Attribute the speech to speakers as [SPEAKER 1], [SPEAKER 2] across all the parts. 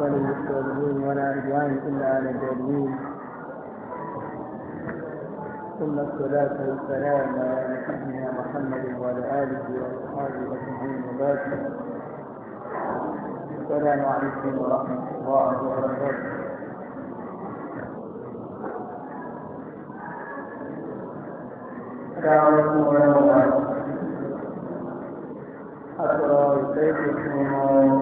[SPEAKER 1] ولا للسالمين ولا عدوان إلا على الظالمين ثم الصلاة والسلام على نبينا محمد وعلى آله وأصحابه أجمعين وبارك السلام عليكم ورحمة الله وبركاته السلام عليكم ورحمة الله وبركاته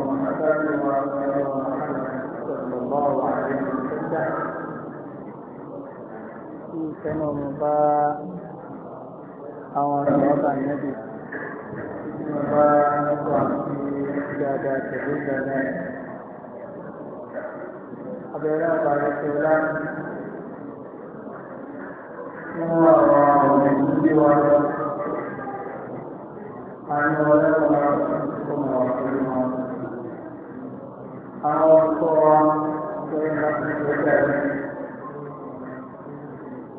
[SPEAKER 1] ìfẹ́nà ọmọ bá àwọn ọ̀rọ̀ ọba nẹ́bì ọmọ bá wà ní dáadáa pẹ̀lú dáadáa abẹ́rẹ́ àbàrẹ́ tó láàrín fún àwọn àwọn ìdílé wa lọ àwọn ọlọ́wọ́ ọmọ ọ̀pẹ̀lú wọn àwọn ọkọ̀ wa tó ń bá ti ṣe bẹ́ẹ̀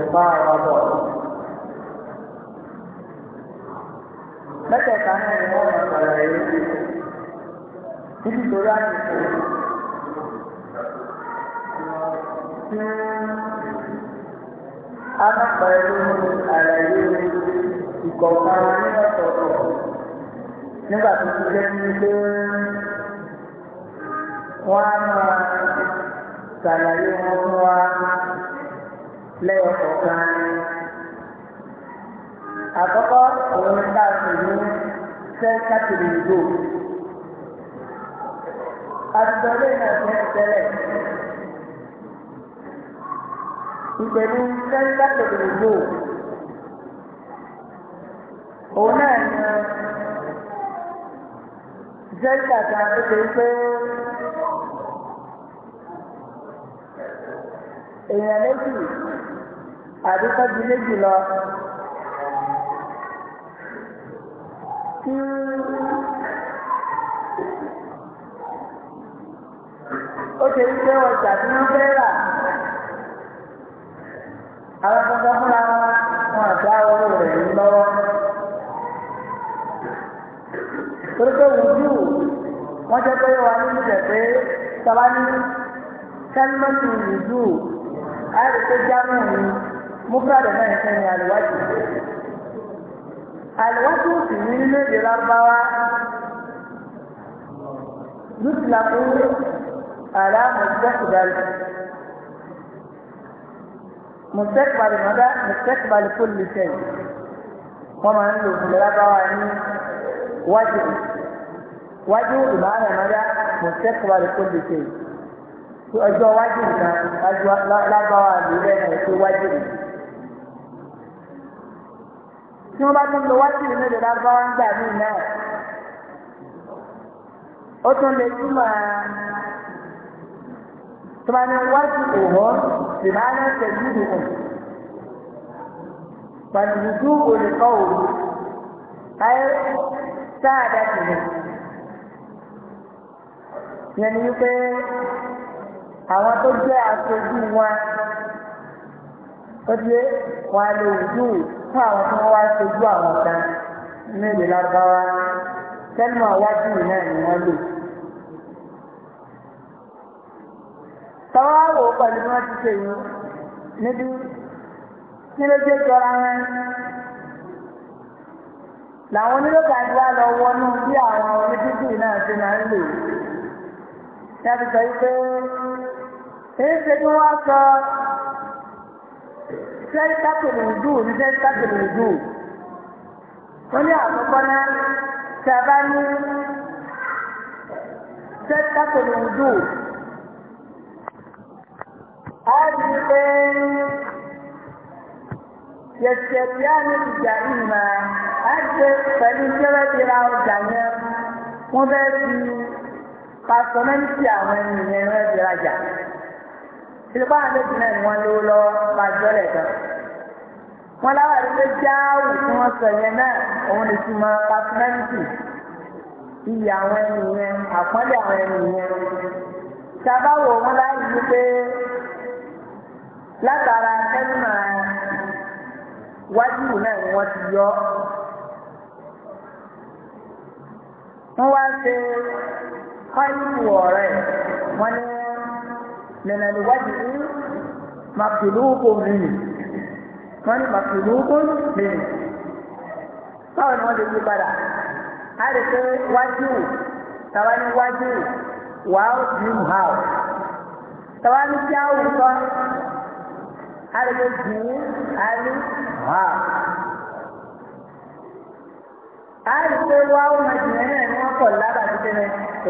[SPEAKER 2] ìfarabọ̀. mẹ́tẹ̀ẹ̀ta náà ni wọ́n máa sọ̀rọ̀ yìí títí torí àyẹ̀kọ́ tí a máa pẹ̀lú àlàyé ìkọ̀ọ̀kan nígbàtọ̀tọ̀ nígbà tó ti jẹ́ ní pé wọ́n á máa ṣàlàyé wọn fún wa lẹ́yọ̀ kọ̀ọ̀kan àkọ́kọ́ òun dá sí ní sẹ́ńtàkìrì ìgbò àtìgbọ́lé náà fẹ́ tẹ́lẹ̀ ìpè ní sẹ́ńtàkìrì ìgbò òun náà ní sẹ́ńtà kan tó ṣe pé èèyàn méjì àbí tọ́jú méjì lọ ó ṣe ń gbé ọjà tí wọ́n fẹ́ rà àwọn kankan fúnra wọn wọn àti àwọn olóòrè ń lọ́wọ́ torí pé wùdú wọ́n jẹ́ pé wà nínú ìjẹ̀ pé sábà ní kẹ́límẹ́tì wùdú àìrí pé jámù ni mufrad náà ń sẹ́yìn àlùwájú àlùwájú sì ní nínú èdè lágbáwá yúkìlá fún àlàmù jẹ́kùdálì mùsẹ́kùbálì mọ́dá mùsẹ́kùbálì fúlù sẹ́yìn wọ́n máa ń lò fún lágbáwá ní wájú wájú ìmáàlà mọ́dá mùsẹ́kùbálì fúlù sẹ́yìn ọjọ́ wájú nǹkan lágbáwá lè lẹ́nu ìpé wájú nǹkan tí wọ́n bá tún lo wákìlì ní ìdọ̀dá bá ń gbà mí náà ó tún lè túmọ̀ tó máa ní wákìlì òwò sì máa ń tẹ̀lé ìdìbò pàtùkù olùkọ́ òwò ayé sáàdà tìlẹ̀ yẹn ni wípé àwọn tó jẹ́ aṣojú wọn. ó dé wọn lè wùdú fún àwọn tí wá ṣojú àwọn kan ní ìlú lágbára tẹ́lẹ̀mọ̀ wájú náà ni wọ́n lò. pẹ̀lú ti ṣe yìí níbi jọra làwọn lọ wọnú bí àwọn náà ṣe máa ń lò sọ èyí ṣe sẹ́ńtàpù nìdú ní sẹ́ńtàpù nìdú. wọ́n ní àkọ́kọ́ náà sábà ní sẹ́ńtàpù nìdú. a rí i pé yẹ̀sẹ̀ bí a ní ìjà ìmọ̀ a ṣe pẹ̀lú ìṣẹ́wẹ́ ti ra ọjà yẹn wọ́n fẹ́ fi pàṣọmẹ́ntì àwọn ènìyàn rẹ̀ ti rajà. ìlú báwọn méjì náà ni wọ́n lówó lọ́wọ́ máa jọ́lẹ̀ wọn láwọn ẹgbẹ́ jáwù tí wọ́n sọ yẹn náà òun lè fi máa pàṣẹmẹ́ǹtì iyì àwọn ẹni yẹn àpọ́nlé àwọn ẹni yẹn sábàwò wọn láyé wípé látara kẹ́mà wájú náà ni wọ́n ti yọ wọ́n wá ṣe kọ́ìlù ọ̀rẹ́ wọ́n ní nínú ìwádìí máa pèlú òkò rìn. wọ́n ní màkìlúgbọ́n nìyí báwo ni wọ́n lè yí padà ha lè pé wájú tàbá ní wájú wàá bí wà ó tàbá ní ha á wù sọ á lè pé ha ú laba ní wà ó. á lè ha wá ó ha jìnnà náà ha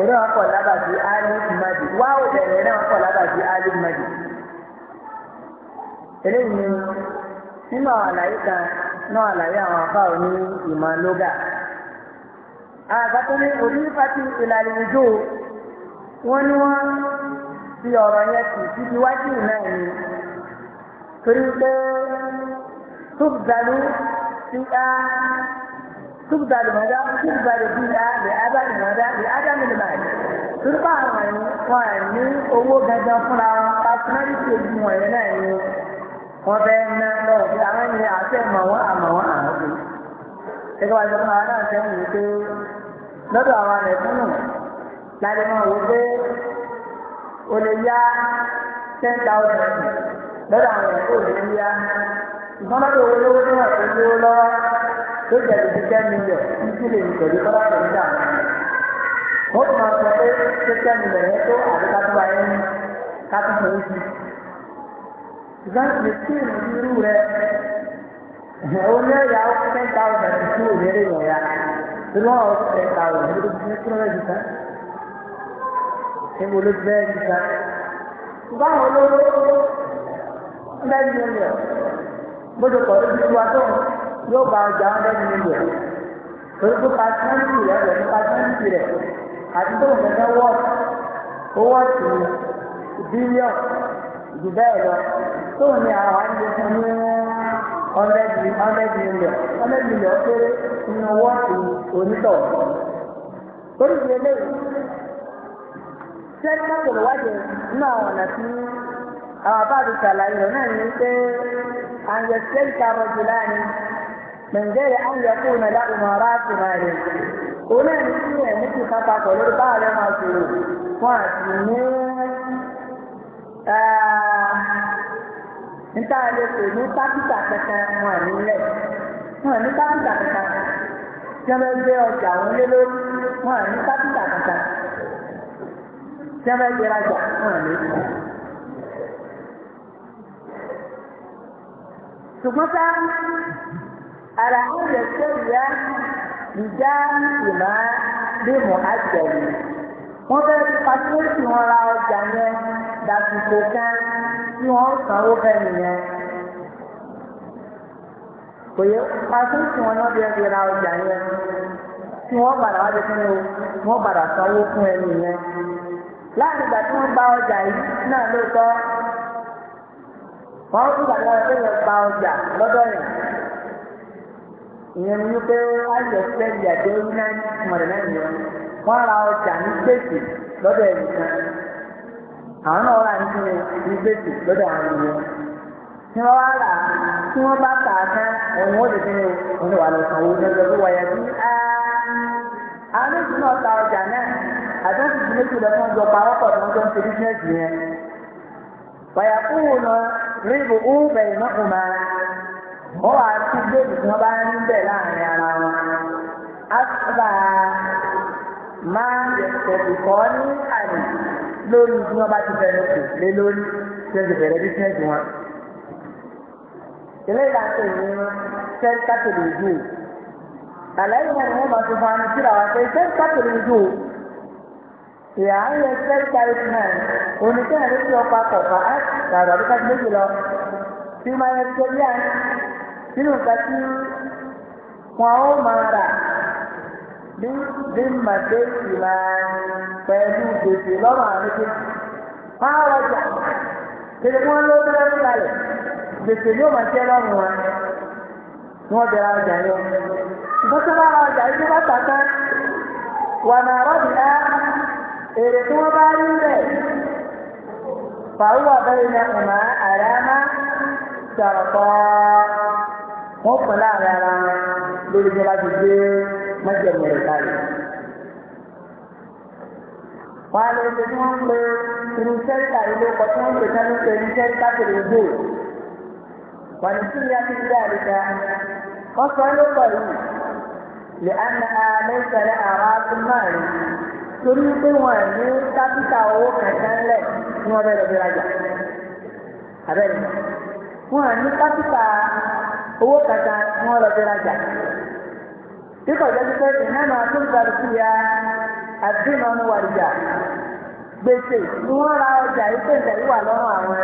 [SPEAKER 2] wọ́n kọ̀ ha ni. nínú àwọn àlàyé kan náà àlàyé àwọn afá òní ìmọ̀ lóga àgbàtọ́ ní onífàtí ìlàlẹ̀ ìjó wọ́n ní wọ́n fi ọ̀rọ̀ yẹn kì í fi wájú náà ni torí pé túbùdàlú sí á túbùdàlú mọ̀dá túbùdàlú bí á lè ábàlù mọ̀dá lè ádámù lè báyìí torí pé àwọn ẹ̀yìn wọn ní owó gangan fúnra wọn pàtàkì ojú wọn yẹn náà ni wọ́n fẹ́ ná lọ́wọ́ pé àwọn ènìyàn àti ẹ̀mọ̀ wọn àmọ̀ wọn ìjọba àwọn náà sẹ́wọ̀n wípé lọ́dọ̀ àwọn ẹ̀fún nù láti máa wò pé o lè yá ten thousand lọ́dọ̀ àwọn ẹ̀fún ò lè yá. Ìgbọ́n owó lówó ní wà tó lówó lọ́wọ́ tó jẹ̀bi ti ten million ní kílè ní pẹ̀lú kọ́lá pẹ̀lú dà wọ́n tún máa sọ pé tó ten million yẹn tó àbíká ká ṣùgbọ́n mẹsìnì irú rẹ olóyè àwọn ten thousand tí ò lérè yọ̀ya lọ́wọ́ ten thousand ní ojú ní kúrọ́lẹ́ jìkan ní olójú bẹ́ẹ̀ jìkan ṣùgbọ́n àwọn olówó hundred million bójú kọ̀ lójú tí wàá tó yóò bá ọjà hundred million torí pé pàṣẹ́ntì rẹ̀ rẹ̀ ní pàṣẹ́ntì rẹ̀ àti tó ń gbẹ̀gbẹ̀ wọ́ọ̀tì owó ọ̀tún bílíọ̀nù. jù bẹ́ẹ̀ lọ tóun ní àwọn àjẹ ní ọ̀rẹ́dì ọ̀rẹ́dì ilẹ̀ ọ̀rẹ́dì ilẹ̀ onítọ̀ àwọn ọ̀nà àwọn ṣàlàyé rẹ̀ náà ní pé jù láàrin ará rẹ̀ òun ti kápá ṣòro fún níta lè pè ní kápítà kankan wọn ní lẹ̀ wọn ní kápítà kankan tí gbé ọjà òun lé lórí wọn ní kápítà kankan tí gbé rajà wọn lé lórí. ṣùgbọ́n sá ara ń lè ṣe ìyá ìjà ìmọ̀ bí mo á jẹ̀lé wọ́n fẹ́ pàṣẹ ìwọ̀n ra ọjà yẹn dàtúkò kan tí wọ́n sanwó bẹ́ẹ̀ nìyẹn kò yẹ pàṣẹ tí wọ́n náà bí ẹbí ra ọjà yẹn tí wọ́n padà wá dé fún mi wọ́n padà sanwó fún ẹni yẹn láàrin ìgbà tí wọ́n gba ọjà yìí náà ló wọ́n tún gbà lọ pé wọ́n gba ọjà lọ́dọ̀ yẹn ìyẹn ní pé ayọ̀ fẹ́ẹ́ yàgbé náà náà yẹn wọ́n ra ọjà ní gbèsè lọ́dọ̀ ẹ̀yìn kan. àwọn náà wà nínú ìgbésì lọ́dọ̀ àwọn ènìyàn tí wọ́n wá rà tí wọ́n bá tà á tán ẹ̀wọ̀n ó lè ní òun wà lọ́sàn tó àwọn ọjà náà àdéhùn ti méjì lọ fún ọjọ́ tí wọ́n jọ ń ṣe bísíǹsì yẹn. kúrò bẹ̀rẹ̀ máa wọ́n sí tí wọ́n bá ń bẹ̀ láàrin ara wọn. máa ń lórí bí wọ́n bá ti bẹ̀rẹ̀ kù lé lórí tí wọ́n ti bẹ̀rẹ̀ bísíǹsì wọn. ilé ìdáǹtẹ̀ ìwé wọn sẹ́ńtà tó lè dùn. àlàyé wọn ni wọ́n máa fi fún anisíra wa pé sẹ́ńtà tó lè dùn. ìyá ń yẹ sẹ́ńtà eight nine oníkẹ́yìn ló fi ọkọ̀ akọ̀fà á tààrà bí káàdì méjì lọ. tí wọ́n máa yẹ kí ó yá nínú nǹkan tí wọ́n ó máa rà ní zimbabwe ìlà pẹ̀lú gbèsè lọ́rọ̀ àríkè máa wájà kiri wọn ló bẹ̀rẹ̀ ń kalẹ̀ gbèsè yóò máa jẹ́ lọ́rùn wa ni wọ́n bẹ̀rẹ̀ yọ. bá yìí bá tàkà wà ní èrè tí wọ́n bá rí rẹ̀ ní ọ̀nà wọ́n pẹ̀lú lórí ìjọba gbèsè. mọ́jẹ̀mú rẹ̀ kalẹ̀. Wọ́n á lè ṣe tí wọ́n ń pe irinṣẹ́ ìta ilé ọkọ̀ tí wọ́n ń pè sánú pé irinṣẹ́ ìta kiri ìgbò. Wọ́n ní kí ni a ti gbé na àlẹ́ ìṣẹ̀lẹ̀ àwọn atúmọ̀rin. Torí pé wọ́n ní kápítà owó kankan lẹ̀ ní wọ́n bẹ̀rẹ̀ bí rajà. Àbẹ̀rẹ̀ wọ́n ní kápítà owó kankan ní kíkọ̀ jẹ́ pé tó ń gbàdúrà sí ya àdínà ń wà ìjà gbèsè ni wọ́n ra ọjà ìpè wà àwọn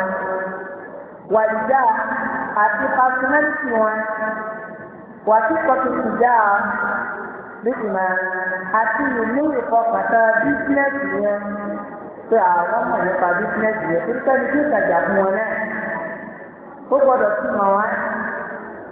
[SPEAKER 2] àti wọn wà kọ́tù ìjà nígbìmọ̀ àti ìlú yẹn pé àwọn nípa yẹn tó ń fún wọn náà ó gbọ́dọ̀ wọn.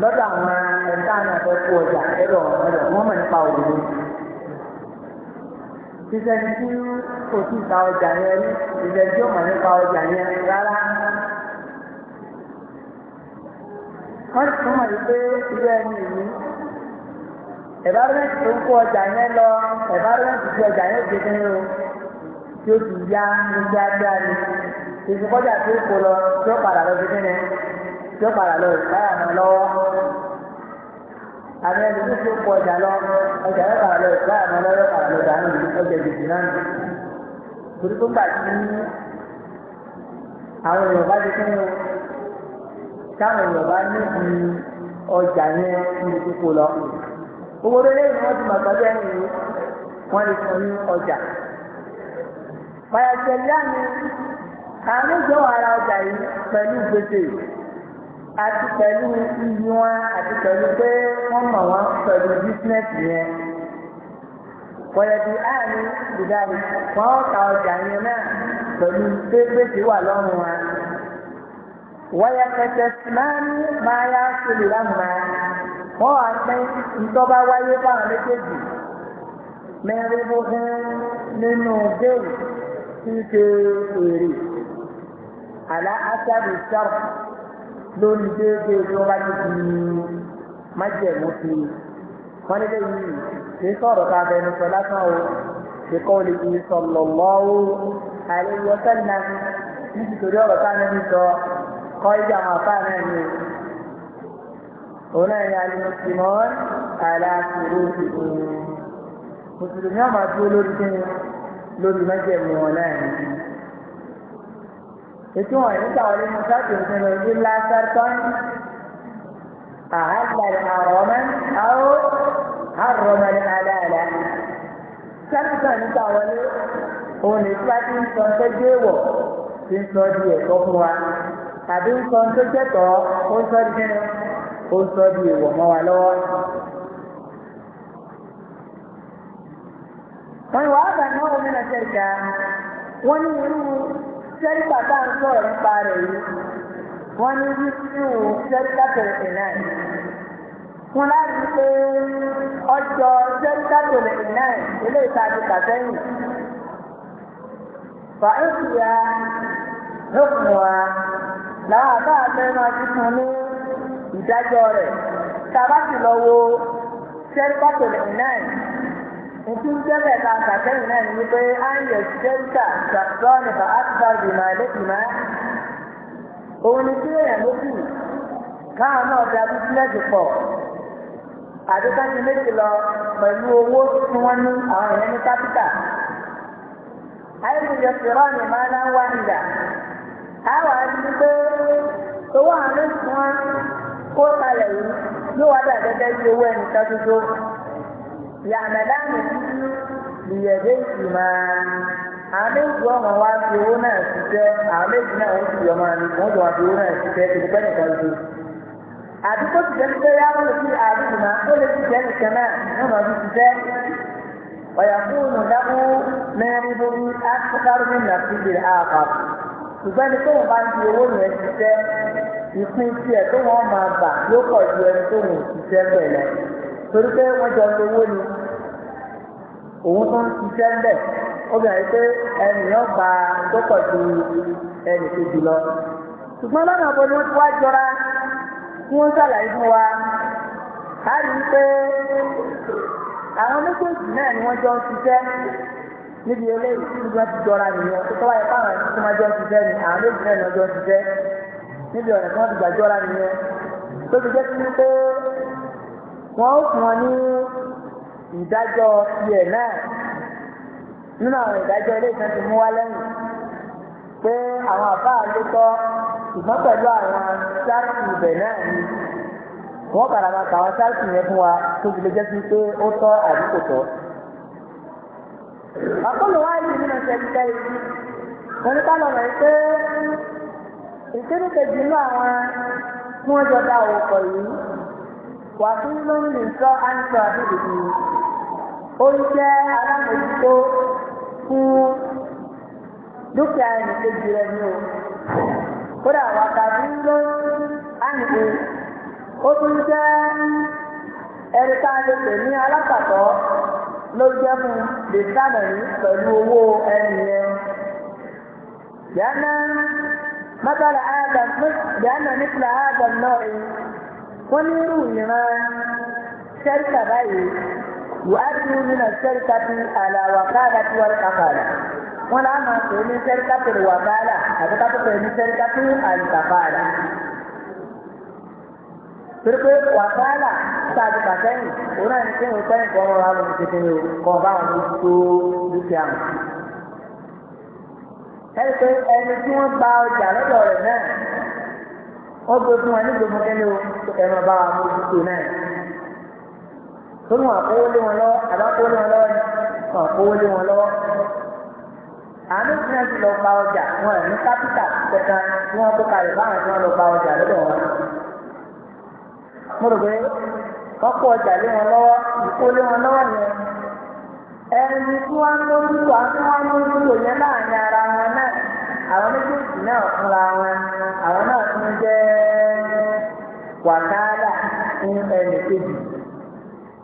[SPEAKER 2] lọ́dọ̀ àwọn ẹ̀ka náà fẹ́ kó ọjà lọ́dọ̀ ọ̀dọ̀ wọ́n mọ̀ nípa òwúrọ̀. Ṣíṣẹ́ni tí kò sí ìta ọjà yẹn rí, ìṣẹ́ tí ó mọ̀ nípa ọjà yẹn rárá. Wọ́n ti túmọ̀ yìí pé irú ẹni yìí. Ẹ̀bárẹ́ǹtì tó ń kó ọjà yẹn lọ, ẹ̀bárẹ́ǹtì tí ọjà yẹn ti dín o, tí ó ti yá ní gbágbá ni. Ìsìnkọ́jà tó kó lọ tí ó padà lọ sí tí ó padà lọ ìpáyà mọ́ lọ́wọ́ àmì ẹni tó tó pọ̀ ọjà lọ ọjà yóò padà lọ ìpáyà mọ́ lọ́wọ́ padà lọ dànù ọjà ìdìbò náà torí tó gbà tí àwọn èèyàn bá ti kí ni táwọn èèyàn bá ní ju ọjà yẹn ní kíkó lọ owó lélẹ́ yìí wọ́n ti mọ̀ pẹ́ bẹ́ẹ̀ wọ́n lè fún ní ọjà pàyàtẹ̀lẹ́ àmì àmì ìjọ ara ọjà yìí pẹ̀lú gbèsè àti pẹ̀lú iyì wọn àti pẹ̀lú pé wọ́n mọ̀ wọ́n pẹ̀lú bísínẹ́sì yẹn. Pọ̀lẹ́bí àánú ìdarí wọ́n ta ọjà yẹn náà pẹ̀lú pépèsè wà lọ́rùn wa. Wọ́yẹ pẹ̀tẹ̀ máa ń máa yá sílè lánàá. Wọ́n wá pẹ́ ìtọ́ba wáyé báwọn méjèèjì. Mẹ́rin bó hẹ́ nínú béèrè tí ń ṣe èrè. Àlá Aṣáájú sọ̀rọ̀ lórí déédéé tí wọ́n bá ti di májẹ̀mú sí i wọ́n nílé yìí kì í sọ̀rọ̀ ká bẹnu sọ lásán o ìkọ́ olè yìí sallallahu alaihi wasallam nítorí ọ̀rọ̀ ká nínú sọ kọ́ ìjà àwọn afá náà ni òun náà ni alimusimọ́n aláàfin òsì òun mùsùlùmí àmàdúró lórí kí ni lórí májẹ̀mú wọn náà ni ètò wọn nígbà wọlé ní sáàtì òfin lọ sí lásàtọ́n àhàlàlẹ̀ àrọ́mọ́ àwọ̀ àrọ́mọ́ ní aláàlá. sáàtì kan nígbà wọlé òun lè fà tí ń sọ pé déèwọ̀ ti ń sọ di ẹ̀kọ́ fún wa tàbí ń sọ tó jẹ́tọ̀ ó ń sọ di kíni ó ń sọ di èèwọ̀ mọ́ wa lọ́wọ́. wọ́n wá bàánú omi náà ṣẹ̀ṣà wọ́n ní irú sẹ́ríkà tá à ń sọ̀rọ̀ nípa rẹ̀ yìí wọ́n 39 wíṣíù sẹ́ríkà tẹ̀lé náà wọn láti pé ọjọ́ sẹ́ríkà tẹ̀lé náà eléyìí tá a ti kà sẹ́yìn fàáfíà lókùnrin wa làwọn àbá àbẹ́ máa ti fún ní ìdájọ́ rẹ̀ bá sì lọ wo sẹ́ríkà tẹ̀lé náà. òfin jẹ́lẹ̀ ta àtàkẹ́yìn náà ni wípé á ń yẹ jẹ́ríkà sọ́ọ̀nì bá àtúbà bìmọ̀ òun ni kí èèyàn ló káwọn náà da bísíǹnẹ́sì pọ̀ àdékájú méjì lọ pẹ̀lú owó tí wọ́n ní àwọn èèyàn ní kápítà àìsàn yẹn máa ń wá ìdà àwọn àti pé owó àwọn méjì wọn kó kalẹ̀ yìí ló wá dà gẹ́gẹ́ bí owó ẹnìkan tuntun. yàmẹ̀dánù ìyẹ̀dẹ́sìmá àmẹ́jù ọmọ wa fi owó náà ṣiṣẹ́ àmẹ́jù náà ó sì yọ máa ní wọ́n jọ wá fi owó náà ṣiṣẹ́ kò pẹ́ nìkan ṣe. àdúgbò ti jẹ́ pípẹ́ yá wọ́n lè fi àdúgbò ó lè ti ihe ya bá ń fi owó yẹn ìpín torí pé wọ́n jọ lówó ni òun tó ń ṣiṣẹ́ ń bẹ̀ ó bẹ̀rẹ̀ pé ẹnìyàn gba tó pọ̀ ju ẹnì kejì lọ ṣùgbọ́n lọ́nà ọ̀bọ ni wọ́n ti wá jọra tí wọ́n ṣàlàyé fún wa a rí i pé àwọn méjèèjì náà ni wọ́n jọ ń ṣiṣẹ́ níbi eléyìí tí wọ́n ti wọ́n ó fún wọn ní ìdájọ́ tiẹ̀ náà nínú àwọn ìdájọ́ ilé ìtàn ti mú wá lẹ́yìn pé àwọn àbá ló tọ́ ṣùgbọ́n pẹ̀lú àwọn sáàtì ibẹ̀ náà ni wọ́n padà máa kà àwọn sáàtì yẹn fún wa tó fi lè jẹ́ sí pé ó tọ́ àbí kò tọ́. àkọlù wa yìí nínú sẹ́kítẹ́rì wọn ní kálọ̀ rẹ̀ pé ìkéde kejì nínú àwọn tí wọ́n jọ dá òkò yìí wàkúlù ní sọ àǹtọ̀ àdúgbò ó ń jẹ́ alámòjútó fún dúkìá ẹnìkejì rẹ̀ ní o kódà wàkàdúró àǹtọ̀ ó tún jẹ́ ẹni tá a lè pè ní alápàtọ́ ló jẹ́ fún lèsánà yìí pẹ̀lú owó ẹni yẹn yánná mọ́tàlá àádọ́ yánná nípìnlẹ̀ àádọ́ náà wọ́n ní irú ìran ṣẹ́ríkà báyìí wàásù nínú ṣẹ́ríkà ti àlàwàkàlà tí wọ́n kàkàlà wọ́n náà máa pè ní ṣẹ́ríkà tó lè wàkàlà àti ká tó pè ní ṣẹ́ríkà tó àlùkàkàlà. torí pé wàkàlà sáàbì pàtẹ́yìn òun náà ní kí wọ́n pẹ́yìn kọ́ ọ́n àwọn kékeré kọ́ bá wọn tó dúkìá wọn. ẹni pé ẹni tí wọ́n gba ọjà lọ́dọ̀ rẹ̀ náà wọ́n fún wa ní gbogbo o ẹ̀rọ bá wa mú ojútùú náà tónú àkówó lé wọn lọ àbákówó lé wọn lọ wọn àkówó lé wọn lọ àánú tí wọn ti lọ gba ọjà wọn ní kápítà kẹta tí wọn kó kalẹ̀ báwọn tí wọn lọ gba ọjà lọ́dọ̀ wọn mo rò pé wọn ọjà lé wọn lọ́wọ́ ìkó lé wọn lọ́wọ́ yẹn ẹni tí wọn lójútùú àti wọn lójútùú yẹn láàrin ara wọn náà. àwọn méjèèjì náà fúnra wọn àwọn náà tún jẹ wàkálà fún ẹnì kejì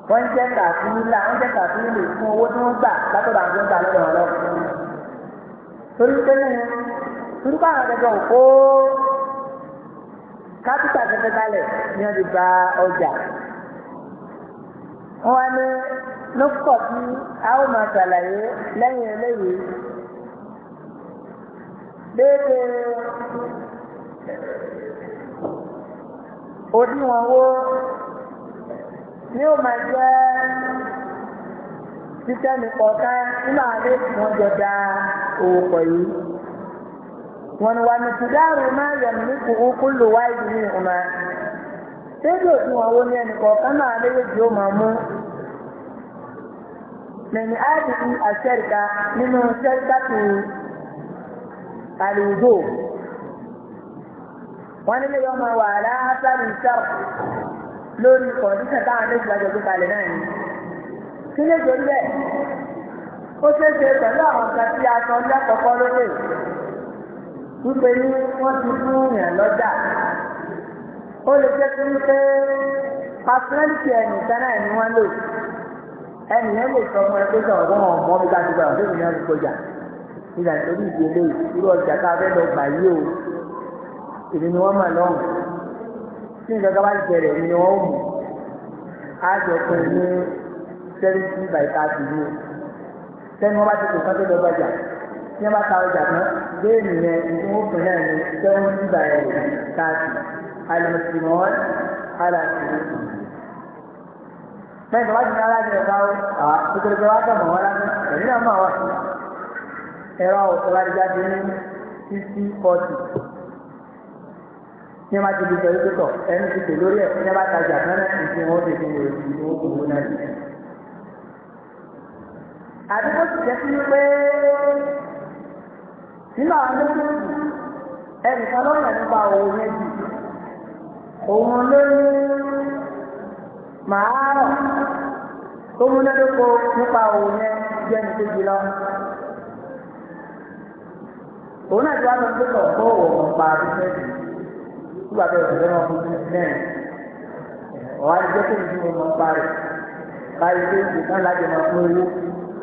[SPEAKER 2] wọ́n jẹ́ kàfíńlà wọ́n jẹ́ kàfíńlà fún owó tí wọ́n gbà látọ̀dọ̀ tó ń gbà lọ́dọ̀ wọn torí torí òkó kápítà ni wọ́n ti ba ọjà wá ní tí a ó máa ṣàlàyé eléyìí. déédéé òdiwọ̀n wo ni máa jẹ́ títẹ́ mi kọ̀ọ̀kan nínú àlẹ́ tí wọ́n jọ da òwò pọ̀ yìí. wọ́n wà ní tìdáàrú máa ní ìhùnmá. wo ni ó máa mú. mẹ̀mí áàdì àṣẹ́ríkà nínú ṣẹ́ríkà tó àlùjò wọ́n nílé yọ máa wà láásàrì sọ́ọ̀ lórí kọ̀ǹdíṣàn táwọn méjì máa jọ gbé kalẹ̀ náà ni kí lè torí bẹ́ẹ̀ ó ṣeé ṣe pẹ̀lú àwọn kan tí a sọ ní àkọ́kọ́ lóde wípé ní wọ́n ti fún yàn lọ́jà ó lè jẹ́ pé wípé pásítẹ́ǹtì ẹ̀yìn sẹ́nà ẹ̀ ni wọ́n lò ẹnìyẹn lè sọ fún ẹ pé sọ̀rọ̀ fún ọmọ mi ká gbà wọ́n tó ìyẹn ti kọjá nígbà nítorí ìdílé irú ọjà tá a fẹ́ lọ gbà yí o èmi ni wọ́n mà lọ́hùn tí nǹkan ká bá jẹrẹ̀ ni wọ́n mú a jọ pé ní seventy by thirty ni sẹ́ni wọ́n bá ti kò sọ́tò lọ́gbàjà tí wọ́n bá ta ọjà tán béèrè yẹn tí wọ́n pè náà ní seventy by thirty alùpùpùmọ́n alàpùpù. Bẹ́ẹ̀ni wọ́n ti ní aláàjì ẹ̀ka ó àwọn kékeré wá tọ̀ wọn lásán ẹ̀mí náà máa wà sí i ẹ̀rọ ọ̀tọ̀lájáde ní fifty forty ní ẹ ti di sọ yìí pẹ̀tọ̀ ẹni ti pè lórí ẹ̀ ní ẹ bá tajà fẹ́rẹ́ ìfún wọn lè fún wèrè fún owó owó náà ní. àdúgbò ti jẹ́ sí pé nínú àwọn méjèèjì ẹnìkan lọ́yàn nípa òun méjì òun ló ní màárọ̀ tó múnádóko nípa òun yẹn jẹ́ nìkejì lọ òun náà ti wá lọ sí ọ̀pọ̀ òun pa bísẹ́ẹ̀sì nígbà tó ìṣẹ̀lẹ̀ wọn fún mẹ́rin ọ̀hún á jẹ́ kéwì tí mo mọ̀ ń pa rẹ̀ báyìí pé ìdè kan láti máa fún owó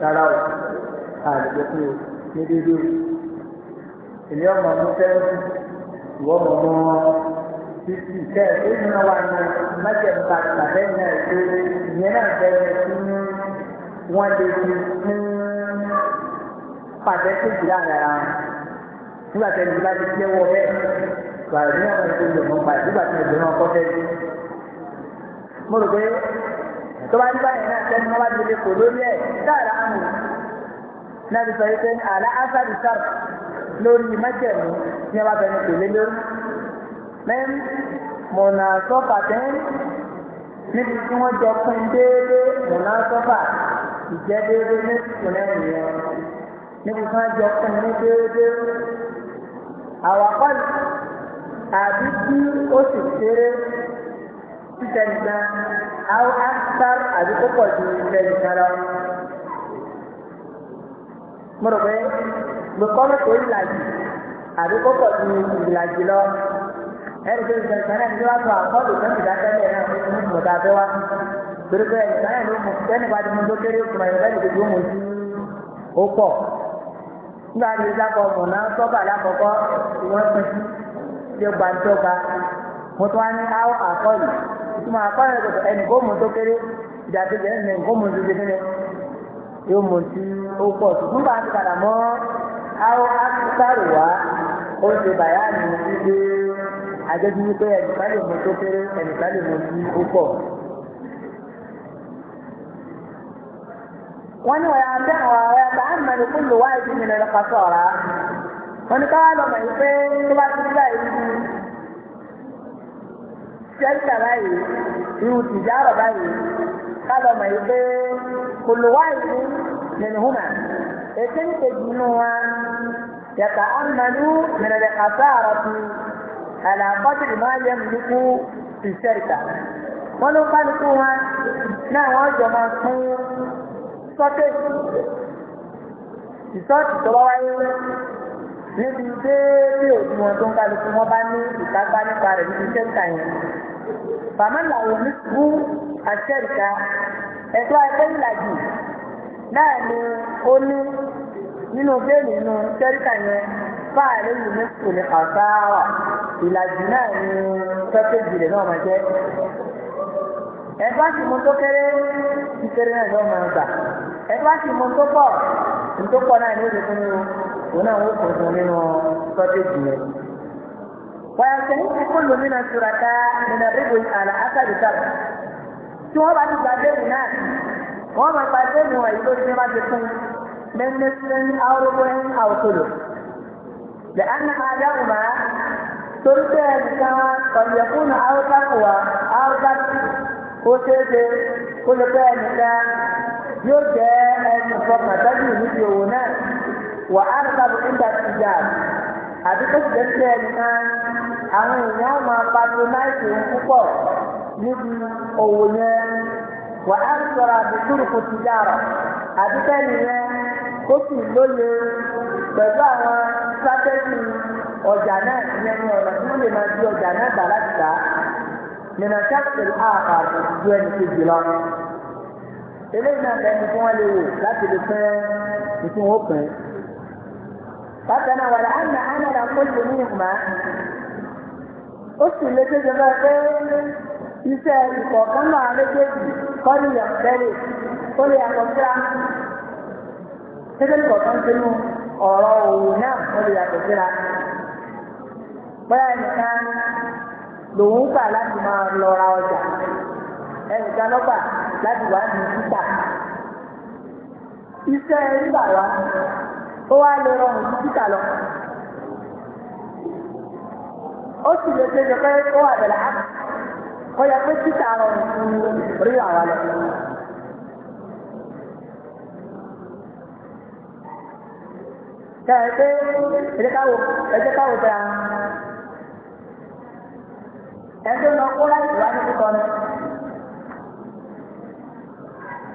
[SPEAKER 2] rárá o àìjọ pé o ní dédé o èmi ọmọ mi fẹ́ràn
[SPEAKER 1] ìwọ ọmọ mọ́
[SPEAKER 2] títí kẹ́ ẹ̀ èyí náà wà ní mẹ́tẹ̀ẹ̀ta tàbẹ́ náà pé ìyẹn náà bẹ̀rẹ̀ fún wọn lè fi fún pàtẹ́kì ìdílé àyàrá wọn nígbà tí ẹni bá ti jẹ́wọ́ bẹ́ẹ̀ gbàrà ní àwọn ẹni tó lè mọ̀ nígbà tí ẹni náà kọ́ tẹ́lẹ̀. mo rò pé tó bá ní náà sẹ́ni wọ́n bá ti lè kó lórí ẹ̀ dáàrà àmù náà ti sọ yìí pé àlá ásàdì sàr lórí mẹ́jẹ̀mú ní wọ́n bá fẹ́ni lórí. mẹ́m mọ̀nà sọ́fà tẹ́ń níbi tí wọ́n jọ pín déédéé mọ̀nà sọ́fà ìjẹ́ déédéé ní ìpínlẹ̀ nìyẹn níbi tí wọ́n jọ pín ní déédéé àwàkọ́ni àbí tí ó sì ṣeré títẹ̀ nìkan àwọn akpar àbí tó pọ̀ ju títẹ̀ nìkan lọ. mo rò pé gbẹ̀kọ́nù tó ń làjì àbí tó pọ̀ ju ìlàjì lọ. ẹni tó ń sọ ìtàn náà ní wàá tó àkọ́dù tó ń fi dákẹ́ lẹ̀ náà fún mi mọ̀tà fẹ́ wá. torí pé ìtàn náà ló mú kẹ́nìkan ti mú tó kéré kùnà ìrẹ́lẹ̀ tó mú sí ó pọ̀ nígbà tí lápò mọ̀nà sọ́bà lákọ̀ọ́kọ́ tí wọ́n ti ṣe gbàǹjọba mo tún wá ní áwọ̀ àkọ́yì ìtumọ̀ àkọ́yì rẹ̀ ẹnì kó mú tó kéré ìdàkejì ẹnì kó mú tó kéré yóò mú tí ó pọ̀ ṣùgbọ́n bá ti padà mọ́ áwọ̀ àkọ́yì wá ó ṣe bàyá ní ilé àjẹjú wípé ẹnìkan lè tó kéré ẹnìkan lè tí ó pọ̀. wọ́n ní wọ́n àtẹ̀wọ̀ ọ̀rẹ́ ká á mẹ́rin kó lò wáyé nínú ẹ̀rọ kan sọ̀rọ̀ á. wọ́n ní káwá lọ́mọ yìí pé tó bá ti gbà yìí ní sẹ́ńtà báyìí irú tìjárọ̀ báyìí ká lọ́mọ yìí pé kò lò wáyé nínú hùmà ètò ìkejì inú wa yàtà á mẹ́rin nínú ẹ̀rọ kan sọ̀rọ̀ fi àlàkọ́tì ìmọ̀ ayé mi kú tìṣẹ́ǹtà. wọ́n ló kálukú wa náà wọ́n jọ máa fún sọ́tẹ́jì ìsọ́ọ̀tì tó bá wáyé níbi déédéé òdiwọ̀n tó ń wọn bá ní ìkápá nípa rẹ̀ níbi sẹ́ńtà yẹn bàmá làwọn ní bú àṣẹ́ríkà ẹ̀tọ́ ẹgbẹ́nìlàjì náà ni ó ní nínú bẹ́ẹ̀lì nínú sẹ́ríkà yẹn yìí ní kò ẹ bá sì mọ tó pọ̀ tó pọ̀ náà ní oṣù fún mi o òun náà wọ́n kò fún nínú sọ́tẹ́jì yẹn. wàá sẹ́yìn tí kò lómi náà sọ̀rọ̀ ká nínú àbẹ̀wò àlà ákàlùkà tí wọ́n bá ti gba déwù náà wọ́n máa gba déwù wọ̀nyí lórí ní wọ́n ti fún mẹ́mẹ́sẹ́ni àwòrán àwòkòlò. لأن أحدهما تركه كما قد يكون أو تقوى أو قد وتجد كل ذلك yóò jẹ́ ẹni sọ pàtàkì níbi òwò náà wà á sábà nígbà tí ìjà àti tó ti jẹ́ sí ẹni náà àwọn èèyàn máa patronize òun púpọ̀ níbi òwò yẹn wà á sọ̀rọ̀ àdìsúrù kò ti dára àti bẹ́ẹ̀ni kó sì lóye pẹ̀lú àwọn strategy ọjà náà ìyẹn ní ọ̀nà tí wọ́n lè máa di ọjà náà gbà láti gbà nínú ṣáàpì àpapọ̀ ju ẹni kejì lọ. eléyìí náà bẹ́ẹ̀ni tí wọ́n lè wò láti lè pẹ́ tuntun ó pẹ́. bákan náà wàlá àná àná là kó lè ní ìgbà ó sì lè tẹ́jọ́ bá pé iṣẹ́ ìkọ̀ọ̀kan náà méjèèjì kọ́ ní ìyàtẹ́lẹ̀ ó lè yàtọ̀ síra tẹ́jọ́ ìkọ̀ọ̀kan sínú ọ̀rọ̀ òwò náà lè yàtọ̀ síra. lòun láti wá ní títà iṣẹ́ rírà wá ó wá lè rọrùn sí títà lọ ó sì lè ṣe jẹ pé ó wà bẹ̀rẹ̀ á kó yẹ pé títà rọrùn fún rírà wá lọ. kẹ́ẹ̀ẹ́ pé ẹ̀jẹ̀ káwọ́ bẹ̀rẹ̀ àwọn ẹ̀jẹ̀ lọ kó láti wá ní títọ́ ni.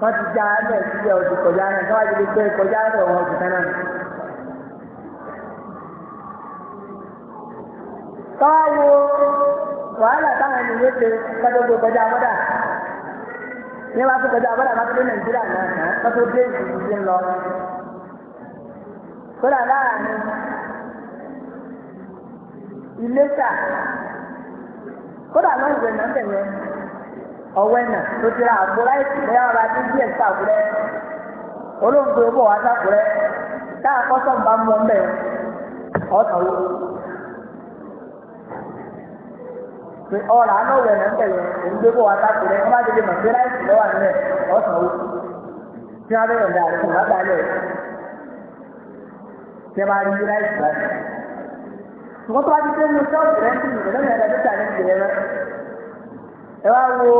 [SPEAKER 2] wọ́n ti já ẹgbẹ́ ìdílé ọdún kọjá náà tí wọ́n ti lè gbé kọjá náà wọ́n ti tán náà. tọ́wọ́ wàhálà táwọn ènìyàn yóò ṣe kọ́tọ́ gbé kọjá bọ́dà ní wàá tó kọjá bọ́dà máa tó dé nàìjíríà náà wọ́n tó dé ìdílé lọ. kódà láàárín ilé ta kódà lọ́wọ́ ìgbẹ́ náà ọwọ́ ẹ̀nà tó ti ra àgbóra ẹ̀sìn bóyá ọ̀rọ̀ adé díẹ̀ sí àkúrẹ́ olóńgbò bò wá sàkúrẹ́ táà kọ́sọ̀ ń bá mú ọ mẹ́ ọ̀sán wo pé ọ̀rọ̀ àná wẹ̀ ń bẹ̀rẹ̀ òǹgbò bò wá sàkúrẹ́ ọba délé mọ̀ pé láìsí lọ́wọ́ nílẹ̀ ọ̀sán wo tí wọ́n bẹ̀rẹ̀ ọ̀dà àti ìwà balẹ̀ tí wọ́n bá rí láìsí láìsí. wọ́n tó wá ti dé inú sọ́ọ̀tù rẹ̀ ń tì ẹ wá wo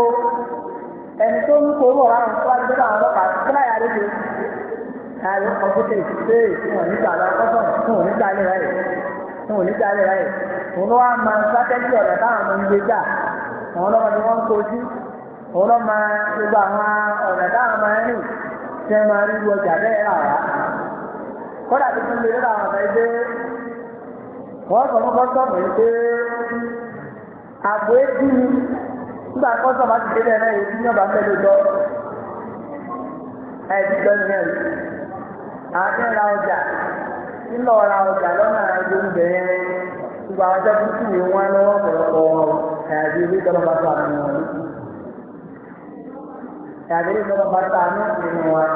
[SPEAKER 2] ẹni tó ń kó wọ̀ láwọn tó wá ti dọ́dọ̀ àwọn ọlọ́pàá tó láyà ló ṣe káàdì ọ̀fíìsì ṣe fún onígbà lọ́kọ́sọ̀ fún onígbà lè ráyè fún onígbà lè ráyè òun ló wá máa sátẹ́jì ọ̀rọ̀ táwọn ọmọ ń gbé gbà àwọn ọlọ́pàá ni wọ́n ń kojú òun ló máa gbogbo àwọn ọ̀rọ̀ táwọn máa ń rìn tẹ́ máa ń lu ọjà bẹ́ẹ̀ rà wá kódà tó tún lè rà wọn fẹ́ wọ́n sọ fún kọ́sọ̀mù yìí pé àbò ètí nígbà tó sọ̀rọ̀ ti délé rẹ̀ yìí ní ọ̀bà mẹ́lò jọ ẹ̀ẹ́dì jọ nìyẹn rẹ̀ àádẹ́ ọjà nílò ra ọjà lọ́nà ẹgbẹ́ ń bẹ̀rẹ̀ gbogbo àwọn ọjọ́ tó kù wọn lọ́wọ́ ẹ̀ẹ́dì ilé ìjọba bá tó àmì wọn ẹ̀ẹ́dì ilé ìjọba bá tó àmì wọn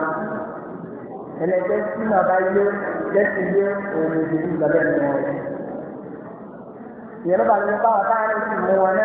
[SPEAKER 2] ẹlẹ́gbẹ́ tí bá yé jẹ́sí yé òun wọn ìyẹn ló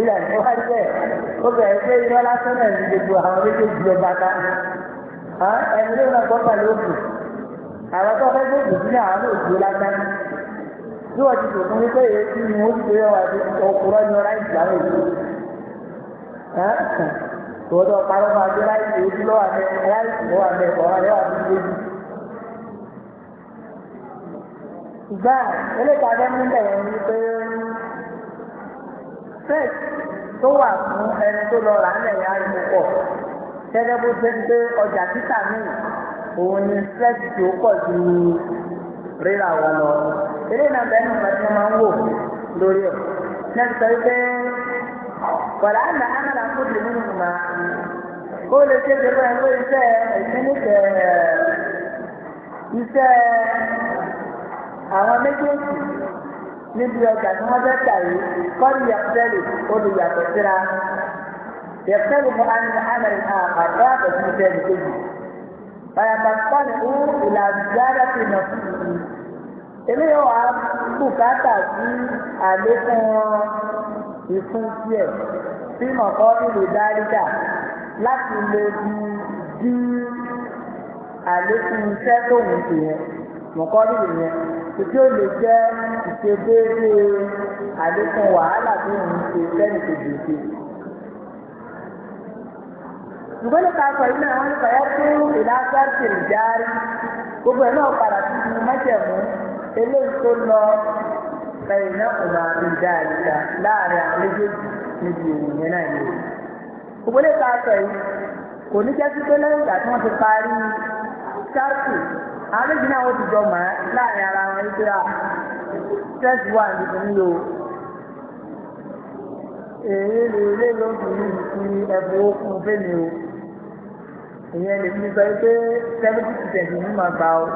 [SPEAKER 2] ilẹ̀ ní wá jẹ́ ó bẹ̀rẹ̀ pé iná lásán náà ní gbogbo àwọn méjèèjì ọba ká ẹni ló náà gbọ́dọ̀ lóògùn àwọn tó fẹ́ gbòògùn sí àwọn náà òjò lásán bí wọ́n ti dòkun ní pé èyí ni wọ́n ti gbé wọn àti ọkùnrin ní ọ̀rá ìgbà wọn èyí tòótọ́ parọ́ máa gbé láìsí ojú lọ́wọ́ àmì láìsí lọ́wọ́ àmì ọ̀rá yóò àti gbèjì. ìgbà eléka fẹ́ mú bẹ̀rẹ̀ ní pé fẹ́ẹ̀t tó wà fún ẹni tó lọ rà nílẹ̀ yà ń pọ̀ ọjà títà míì òun ni fẹ́ẹ̀t tí ó pọ̀ ju rírà wọn lọ. eré náà bẹ́ẹ̀ nù láti máa ń wò lórí ẹ̀. sọ àná àmàlà kó lè nínú lè ṣe pẹ̀lú níbi ọjà tí wọ́n fẹ́ tà yìí kọ́ni yàtọ̀tẹ́lì olùyàtọ̀ síra yàtọ̀tẹ́lì fún amẹ́rì àpàtà àbẹ̀sí ìfẹ́lì kejì bàyàtàkọ́ni ń ìlànà ti nà sí ìlú èmi yóò wá bùkátà sí àlékún ìfún tiẹ̀ tí mọ̀kọ́ nílò dáríjà láti lè di dí àlékún iṣẹ́ tó ń ṣe yẹn mọ̀kọ́ nílò yẹn tí ó lè jẹ́ ṣe déédéé àlékún wàhálà tó ń ṣe lẹ́nu kejì ṣe. ṣùgbọ́n nípa akọ iná àwọn nípa ẹ fún ìlàsàkì ìjárí gbogbo ẹ̀ náà padà sí ti mọ́jẹ̀mú eléyìí tó lọ ẹ̀yìn náà kò máa ń dá àyíká láàrin àwọn méjèèjì níbi ènìyàn náà ni. gbogbo nípa akọ yìí kò ní jẹ́ lẹ́yìn ìgbà tí wọ́n ti parí àwọn méjì náà interest wà níbi nílò èrè lèrè lóbìnrin ti ẹ̀bùn okùn fẹ́mi o ìyẹn lè fi sọ pé seventy percent ní mà gbà o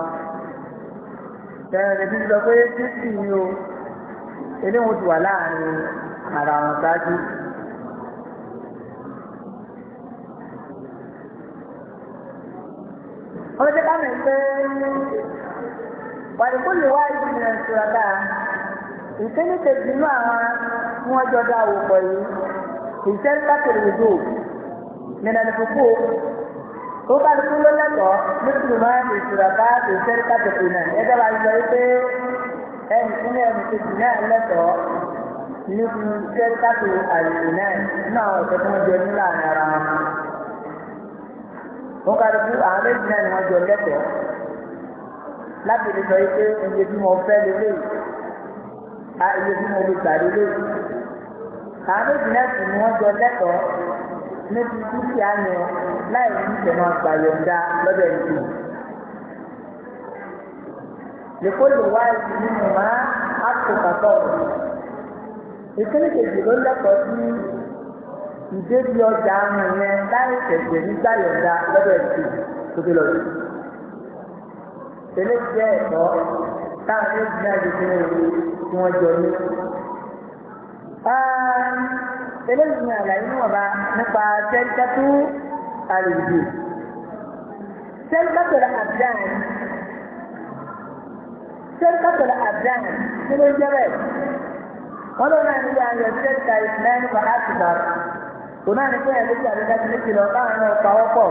[SPEAKER 2] tẹ̀rẹ̀ lè fi sọ pé fifty ni o eléwọ̀n ti wà láàrin ara wọn ṣáájú. ọ̀rọ̀ jẹ́ ká mẹ́ pé wàdìkú lè wá ìdí ìrìn àjò ìpínlẹ̀ kejì inú àwọn tí wọ́n jọ dá òwò pọ̀ yìí ìṣẹ́ ń bàtẹ̀rẹ̀ ìdò mìíràn ìfúkú ó bá lóko ló lẹ́kọ̀ọ́ nítorí máa ń ìṣura bá ìṣẹ́ ń bàtẹ̀rẹ̀ náà ẹgbẹ́ wa yọ pé ẹnì fún ẹnì kejì náà lẹ́kọ̀ọ́ níbi iṣẹ́ ń bàtẹ̀rẹ̀ àyèwò náà nínú àwọn ọ̀sẹ̀ tí wọ́n jọ ní láàrin ara wọn. wọ́n ká lóko àwọn méjì náà ni wọ́n jọ lẹ́kọ̀ọ́ láti lè sọ pé oúnjẹ tí mo fẹ́ lélẹ́yìí a iye tí mo lè gbà lélẹ̀ àwọn méjì náà sì ni wọ́n jọ lẹ́kọ̀ọ́ níbi dúkìá yẹn láì ní ìtẹ̀nà àgbà yọ̀ǹda lọ́dọ̀ ìlú lèkóòlù wá ìlú nínú máa á kó pàtó ìkíni kejì ló lẹ́kọ̀ọ́ sí ìdébi ọjà àrùn yẹn láì tẹ̀sẹ̀ nígbà yọ̀ǹda lọ́dọ̀ ìlú tó dé lọ́dọ̀ tẹ́lẹ̀ jẹ́ ẹ̀tọ́ táwọn méjì náà lè fi hàn tí wọ́n jọ ní. eléyìí ni àlàyé níwọ̀nba nípa sẹ́ńtẹ́tù àlejò sẹ́ńtẹ́tù àdáhùn sẹ́ńtẹ́tù àdáhùn kí ló ń jẹ́ bẹ́ẹ̀ wọ́n lọ́nà nígbà ayọ̀ sẹ́ńtẹ́tù ìsìláyìn wà láti bàrà tòun náà ní pé ẹni tí àdéhùn ti méjì lọ báwọn náà pawọ́ pọ̀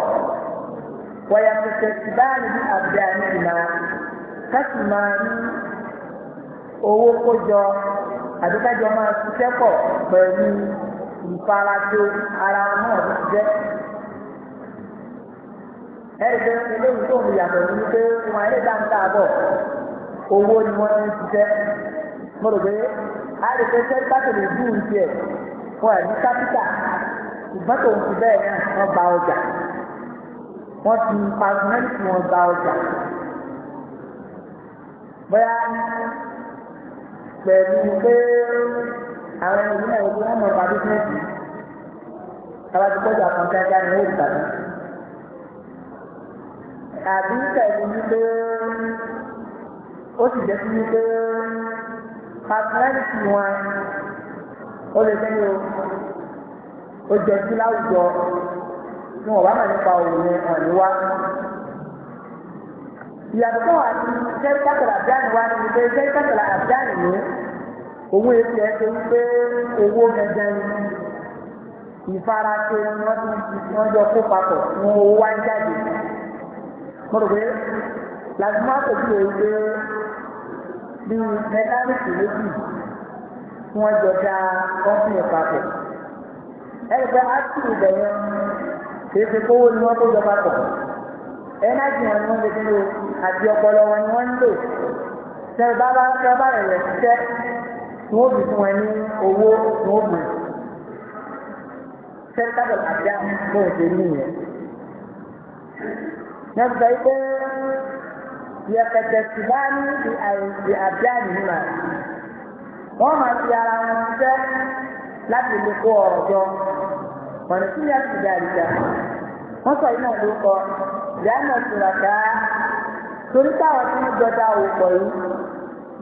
[SPEAKER 2] wọ́n yà pèsè ìbáàlì ní àbí àmì ìmọ̀ káàkiri máa ń owó kójọ àti máa ṣiṣẹ́ pọ̀ pẹ̀lú ìfarajọ ara náà ló ti jẹ́. ẹ̀rẹ́ eléyìí tó ń yàtọ̀ ní pé wọn ayé dáńtà bọ̀ owó ni wọ́n ti ṣiṣẹ́. mo rò pé a lè fẹ́ sẹ́ tiẹ̀ ní kápítà ṣùgbọ́n tòun ti ọjà wọ́n ti ọjà. pẹ̀lú pé àwọn ẹni náà wọ́n mọ̀ pàdé fúnẹ̀tì àwọn ti kọjá kan kíákíá ní wọ́n ìgbà náà. àbí pẹ̀lú wípé ó sì jẹ́ sí pàtàkì wọn ó lè fẹ́ ó sí láwùjọ wọ́n bá mọ̀ nípa òun ìyàtọ̀ tó wà ní sẹ́ńtàkàlà àbíàní wa ni pé sẹ́ńtàkàlà àbíàní ni owó ètò ẹ̀ṣẹ̀ wípé owó gẹ́gẹ́ ìfarase wọn ti wọn jọ kó papọ̀ wọn owó wá ń jáde mo rò pé làtúmọ̀ àkókò rẹ̀ pé bí mẹkáníìkì méjì wọn jọ da kọ́ńtìnì papọ̀ ẹ̀rọ pé á sì ìbẹ̀yẹn kì í fi kówó ni wọ́n kó jọ papọ̀ ẹnájì wọn ni wọ́n ti lò àti ọpọlọ wọn ni wọ́n ń lò tẹ bá bá tẹ bá rẹ̀ rẹ̀ ṣiṣẹ́ ni wọ́n fi fún wọn ní owó ni wọ́n bù sẹ́ńtàbọ̀ àti àwọn ọmọ òṣèlú yẹn. Nẹ́gbẹ̀ẹ́ yìí pé yẹpẹtẹ sì bá ní ìdí àbí àníyàn. Wọ́n máa fi ara wọn ṣiṣẹ́ láti lè kó ọ̀rọ̀ jọ. Ọ̀nà tí yẹn ti dàrí jà. Wọ́n sọ iná ló kọ àlìjáná sùràká torí táwọn tí ń jọta òpọ̀ yìí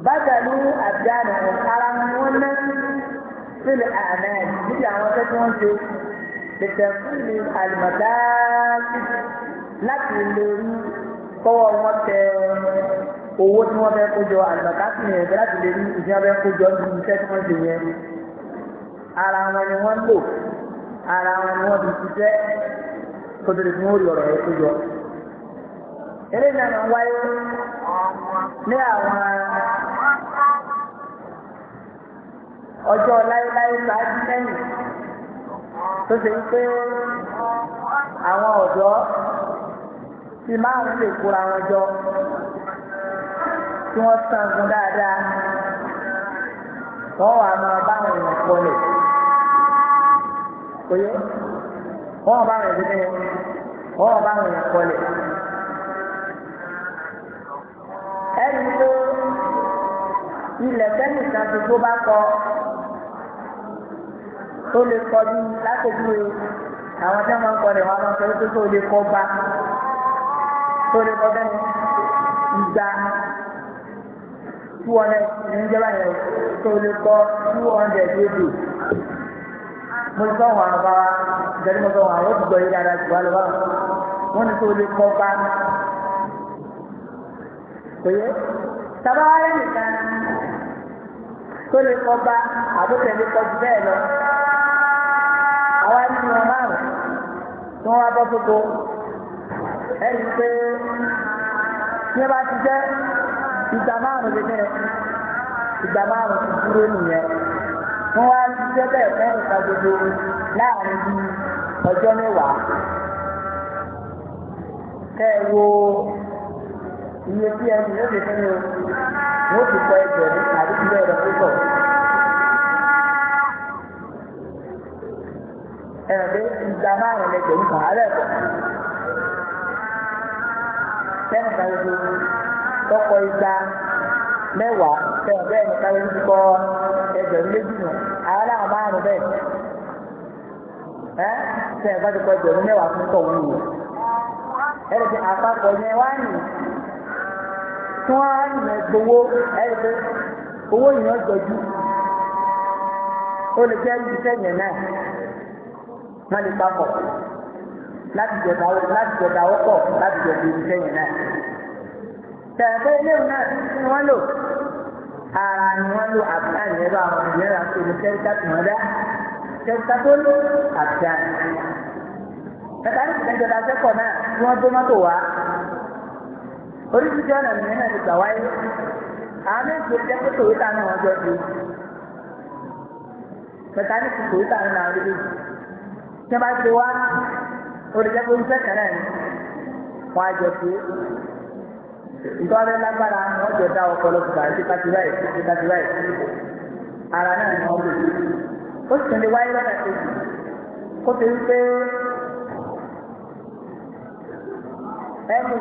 [SPEAKER 2] bàtàlú àbíjáná ara wọn ná sílẹ̀ àná níbi àwọn tẹ́ tí wọ́n ṣe tètè fún mi àlùmọ̀dáàkì láti lè rí kọ́wọ́ wọn tẹ owó tí wọ́n fẹ́ kójọ àlùmọ̀dáàkì yẹn fẹ́ láti lè rí ìṣẹ́ wọn fẹ́ kójọ ní iṣẹ́ tí wọ́n ṣe yẹn ara wọn ni wọ́n lò ara wọn ni wọ́n fi ṣiṣẹ́ kótó lè fún orí ọ̀rọ̀ yẹn kójọ. eléyìí náà máa ń wáyé ní àwọn ọjọ́ láéláé ṣáájú lẹ́yìn tó ṣe pé àwọn ọ̀dọ́ ti máa ń lè kóra wọn jọ tí wọ́n sangun dáadáa wọ́n wà máa bá àwọn ẹni tó ilẹ̀ kẹ́nìkan tó tó bá kọ tó lè kọ bí lápẹ̀júwe àwọn tí wọ́n kọ lẹ̀ wọ́n máa sọ pé tó lè kọ bá tó lè kọ bẹ́ẹ̀ ìgbà two hundred níjọba yẹn tó lè kọ two hundred eighty mo sọ wọn àbá jẹ́rìí mo sọ àwọn ó ti gbọ́ yìí dáadáa jù wá lọ́wọ́ wọn ni tó lè kọ bá kò yẹ sábà rẹ nìkan tó lè kọ bá àbótẹ́lẹ̀ kọ jù bẹ́ẹ̀ lọ àwa nínú márùn tí wọ́n wá bọ́ gbogbo ẹni pé tí wọ́n bá ti jẹ́ ìgbà márùn lè bẹ̀rẹ̀ ìgbà márùn ti dúró nìyẹn wọ́n wá ti jẹ́ bẹ́ẹ̀ fẹ́ràn ìta gbogbo láàrin bíi ọjọ́ mẹ́wàá kẹ́ ẹ wo iye tí ẹni yóò fi fún mi yóò fi kọ ẹgbẹ̀rún tàbí ilé ẹ̀rọ púpọ̀. ẹ̀rọ pé ìgbà márùn-ún lẹ́gbẹ̀rún kan alẹ́ ẹ̀kọ́. sẹ́nu kàwéjì tọkọ igba mẹ́wàá sẹ́nu bẹ́ẹ̀ ni kàwéjì kọ ẹgbẹ̀rún méjì nù àwọn làwọn márùn-ún bẹ́ẹ̀. ẹ́ sẹ́nu bá ti kọ ẹgbẹ̀rún mẹ́wàá fún tọ̀wúrò. ẹ̀rọ pé àpapọ̀ yẹn wá nìyí tí wọ́n á yìnbọn gbowó ẹ̀rí pé owó yìnyín ọ̀jọ̀jú ó lè jẹ́ iṣẹ́ yẹn náà wọ́n lè papọ̀ láti jọ̀dá láti jọ̀dá ọkọ̀ láti jọ̀dá iṣẹ́ yẹn náà. tẹ̀lé eléwu náà tí wọ́n lò ara ni wọ́n lò àbúrò àyẹ̀rọ àwọn ìyẹ́rọ àti olùkẹ́ríkà tí wọ́n dá kẹta tó lò àbúrò àyẹ̀rọ. tẹ̀lé ìtẹ̀jọ̀dá sẹ́kọ̀ náà tí wọ́n tó mọ́tò wá oríṣiríṣi ọ̀nà mìíràn náà ti gbà wáyé àwọn méjì jẹ́ pé tòwítà náà wọ́n jọ di mẹkáníìkì tòwítà náà náà rí bí tí wọ́n bá ti wá olùjẹ́ pé iṣẹ́ kan náà ni wọ́n á jọ di ìtọ́lẹ̀ lágbára wọ́n jọ dá ọpọlọ gbà sí kátìráì sí kátìráì ara náà ni wọ́n lò ó sì lè wáyé lọ́nà kejì kó ti rí pé ẹ̀mí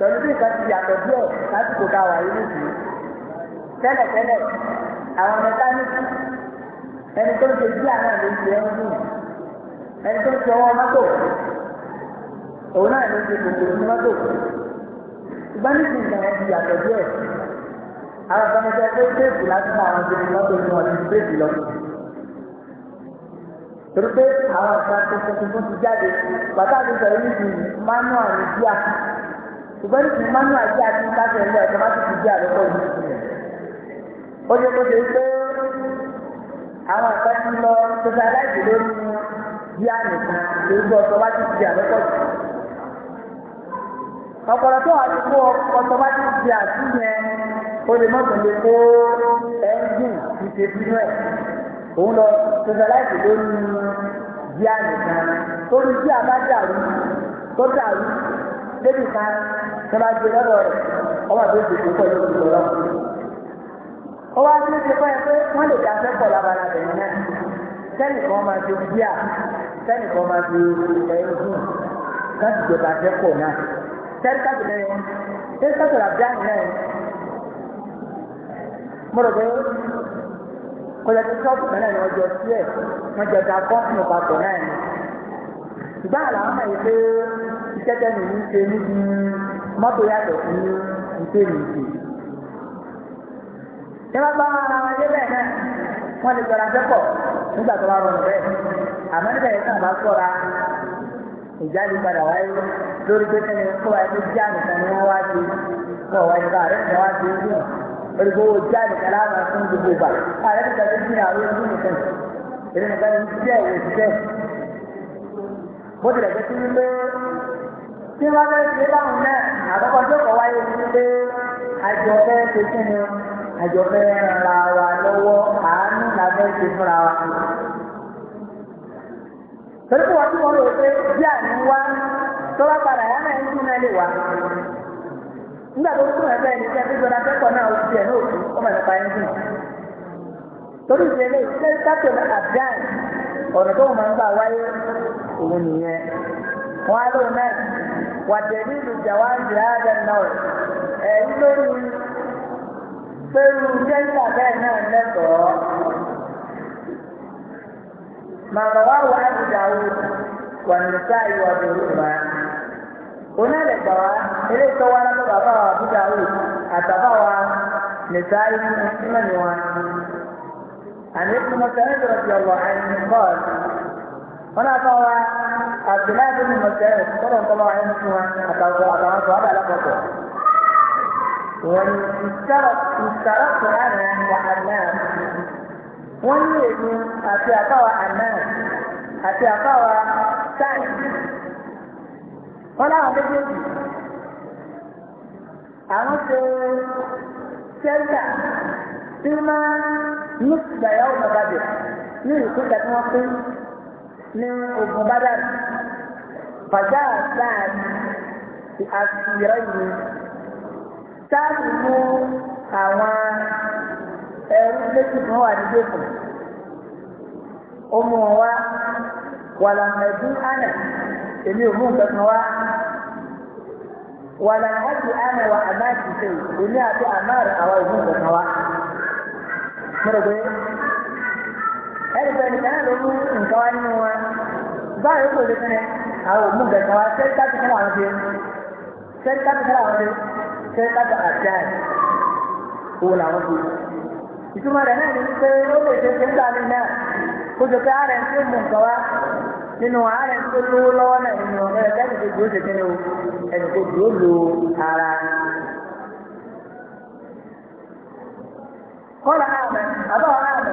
[SPEAKER 2] pẹ̀lú bí nǹkan ti yàtọ̀ díẹ̀ lásìkò tá a wà yìí nìyí tẹ́lẹ̀tẹ́lẹ̀ àwọn mẹkáníìkì ẹni tó ń ṣe díà náà ló ń ṣe ẹni dùn ẹni tó ń ṣe ọwọ́ mọ́tò òun náà ló ń ṣe gbogbo ní mọ́tò ṣùgbọ́n níbi ìgbà wọn ti yàtọ̀ díẹ̀ àwọn kan ṣe pé téèpù lásìkò àwọn ṣe mọ́tò ní wọn ti téèpù lọ torí pé àwọn ìgbà tuntun tuntun ti jáde bàtà mi manual ní ṣùgbọ́n ní kìí mánú àti àti ìbáṣẹ ìlú ẹ̀ka bá ti fi di àlọ́kọ̀ yìí. ó yẹ kó ṣe pé àwọn ẹ̀ka ti lọ ṣẹṣẹ aláìsí lórí bí àmì kan lórí bí ọ̀tọ̀ bá ti fi di àlọ́kọ̀ yìí. ọ̀pọ̀lọ̀ tó wà ní kó ọ̀tọ̀ bá ti di àtúnyẹn ó lè mọ̀tàn lè kó ẹ́ńjìn ti ṣe bínú ẹ̀ òun lọ ṣẹṣẹ aláìsí lórí bí àmì kan torí bí a tó dàrú débi kan tó bá gbé lọ́dọ̀ rẹ̀ ọwọ́ àti òṣèlú pẹ̀lú òṣèlú lọ. ó wá sí ti pẹ́ pé wọ́n lè dáṣẹ́ pọ̀ lábala bẹ̀rẹ̀ náà sẹ́nì kan máa fi bíà sẹ́nì kan máa fi ẹ̀rọ hùn láti gbé bàjẹ́ náà sẹ́nì kábìlẹ̀ yẹn sẹ́nì kábìlẹ̀ àbíáyìn náà mo rò pé kọjá tí sọ́ọ̀bù náà ni wọ́n jọ sí ẹ̀ wọ́n jọ da kọ́ọ̀nù iṣẹ́ tẹ́nu ní ṣe níbi mọ́tò yàtọ̀ fún ìṣe mi ṣe. ní wọ́n bá ara wọn dé náà wọ́n lè gbọ́ra sẹ́kọ̀ nígbà tó bá rọrùn bẹ́ẹ̀ àmọ́ níbẹ̀ yẹn náà bá sọ̀ra ìjáde padà wáyé lórí pé kẹ́ni kó wáyé tó já nìkan ni wọ́n wá ṣe kó wáyé bá rẹ̀ nìkan wá ṣe é dùn wo já nìkan láàmú fún gbogbo ìgbà ààrẹ nìkan tó dín àwọn ẹni nìkan èrè nìkan ní jẹ́ òṣìṣẹ́ bó tilẹ̀ jẹ́ sí wípé tí wọ́n fẹ́ ṣe báwọn náà àkọ́kọ́ tó kọ̀ wáyé ní pé àjọ fẹ́ ṣe kí ni àjọ fẹ́ ra wa lọ́wọ́ àánú la ṣe fúnra wa. torí wọ́n tún wọ́n pé bí àní wá tó bá padà yá náà ń lè wá. nígbà tó tún ẹni tí a ti gbọ́dọ̀ akẹ́kọ̀ọ́ náà ó náà ó ẹni dùn. wọn ló náà wàtẹ̀lí ìlújà wá ń jẹ́ àdá náà ẹ̀yìn lórí pẹ̀lú jẹ́ńtà bẹ́ẹ̀ náà lẹ́tọ̀ọ́. màmá wa wà á dùdà wò wà ní sáà ìwà bẹ̀rù mà. onálẹ̀gbà wa eré tó wá lọ́dọ̀ bàbá wa dùdà wò àtàbà wa ní sáà ìwà ìmọ̀ wa. àní kúmọ̀ sẹ́yìn tó rọ̀ bí ọ̀wọ̀ àyìn kọ́ọ̀tù wọn àtọ́ wa eh? Abdullahi bin Mas'ud tọ́lọ̀ tọ́lọ̀ wa ẹni fún wa àtàwọn àtàwọn tó wà bá lápapọ̀ wọ́n ìsàrọ̀ kùránì wa anáà wọ́n ní èmi àti àtàwọn anáà àti àtàwọn sáyẹn wọ́n láwọn méjèèjì àwọn ṣe sẹ́ńtà tí wọ́n ní ogun bàdà bàdà láàrin ti àfihàn yìí táàbù mú àwọn ẹrú méjì kan wà ní gbèsè ó mú wọn wá wàlàmẹ̀dún ánà èmi ò mú nǹkan kan wá wàlà àti àmà wà àmà ti èmi àti àmà àwa ò mú nǹkan kan wá. ẹni pé ẹni kanáà ló nǹkan wá nínú wọn báyìí ó kò fún ẹ àwọn òmù gẹ̀gẹ̀ wá sẹ́ríkà ti fún àwọn ṣe sẹ́ríkà ti fún àwọn ṣe sẹ́ríkà ti àṣà ẹ̀ owó làwọn ṣe. ìtumọ̀ rẹ̀ náà ni pé ó lè ṣe ṣe ń gbà mí náà kó jọ pé ààrẹ ń mú nǹkan wá nínú ààrẹ ń lówó lọ́wọ́ náà nínú ṣe kíni o ẹnì kò dúró lo ara kọ́lá àmì àmì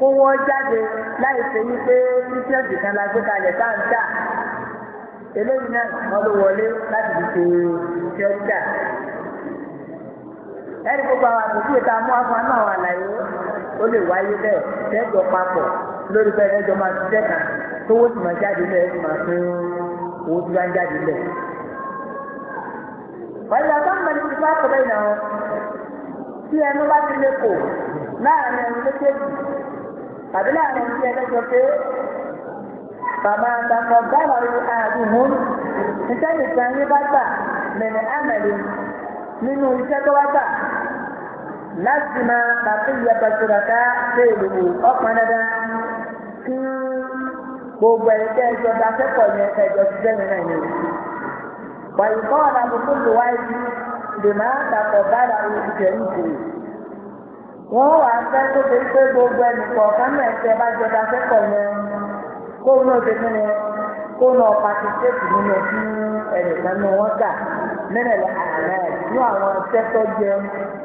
[SPEAKER 2] kó wọ́n jáde láì ṣe wípé bísíǹsì kan la gbé kalẹ̀ táǹtà eléyìí náà wọ́n ló wọlé láti fi ṣe ṣẹ́ńtà. ẹni gbogbo àwọn ìta mú afọ náà wà láyé ó lè wáyé bẹ́ẹ̀ tẹ́jọ papọ̀ lórí bẹ́ẹ̀ ẹjọ́ máa jáde lẹ́ẹ̀ tó máa fún owó jáde lẹ́ẹ̀. tí ẹnu bá ti kò tàbí láàrin ìdí ẹlẹ́jọ pé bàbá àtàkọ dábàá lu àdùnhún iṣẹ́ nìkan yín bá gbà mẹ̀mẹ̀ àmẹ̀lẹ̀ nínú iṣẹ́ tó wá gbà láti máa tàbí ìyàtọ̀ ṣùgbọ́n ṣe èlùbù ọ̀pọ̀ dandan kí gbogbo ẹ̀ tẹ́ ẹjọ́ da akẹ́kọ̀ọ́ yẹn ẹjọ́ ti jẹ́ nínú ẹ̀yìn rẹ̀. wọ́n wà fẹ́ tó pé gbogbo ẹnìkọ̀ bá kó náà ṣe fún wọn kó náà patisẹ́tì nínú ẹtí ẹnìkan náà wọ́n dà mẹ́rẹ̀lẹ̀ ààrẹ ní àwọn akẹ́kọ̀ọ́ jẹ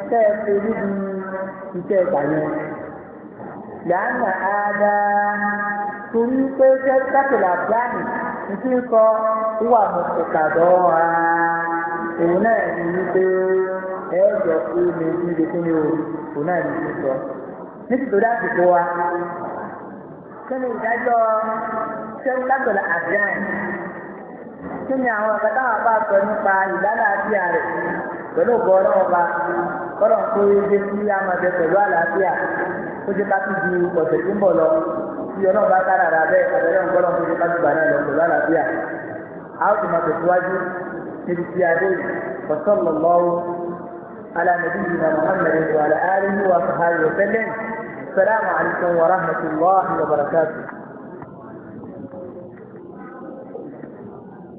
[SPEAKER 2] tẹ́ ẹ fi iṣẹ́ ìgbà yẹn. torí pé ṣé sákìlà bíáàmì ti kọ wà ẹ̀ẹ́dọ̀ kú ní níbi kí ni náà ní sísọ. nítorí àsìkò wa kí ni ìdájọ́ kí ni àwọn ọ̀gá bá sọ nípa ìdáná àti àrẹ̀ pẹ̀lú sí pẹ̀lú àlàáfíà jẹ́ ọ̀sẹ̀ ń bọ̀ lọ tí ọlọ́run bá bẹ́ẹ̀ tó náà lọ pẹ̀lú àlàáfíà. a ó على نبينا محمد وعلى آله وصحبه وسلم السلام عليكم ورحمة الله وبركاته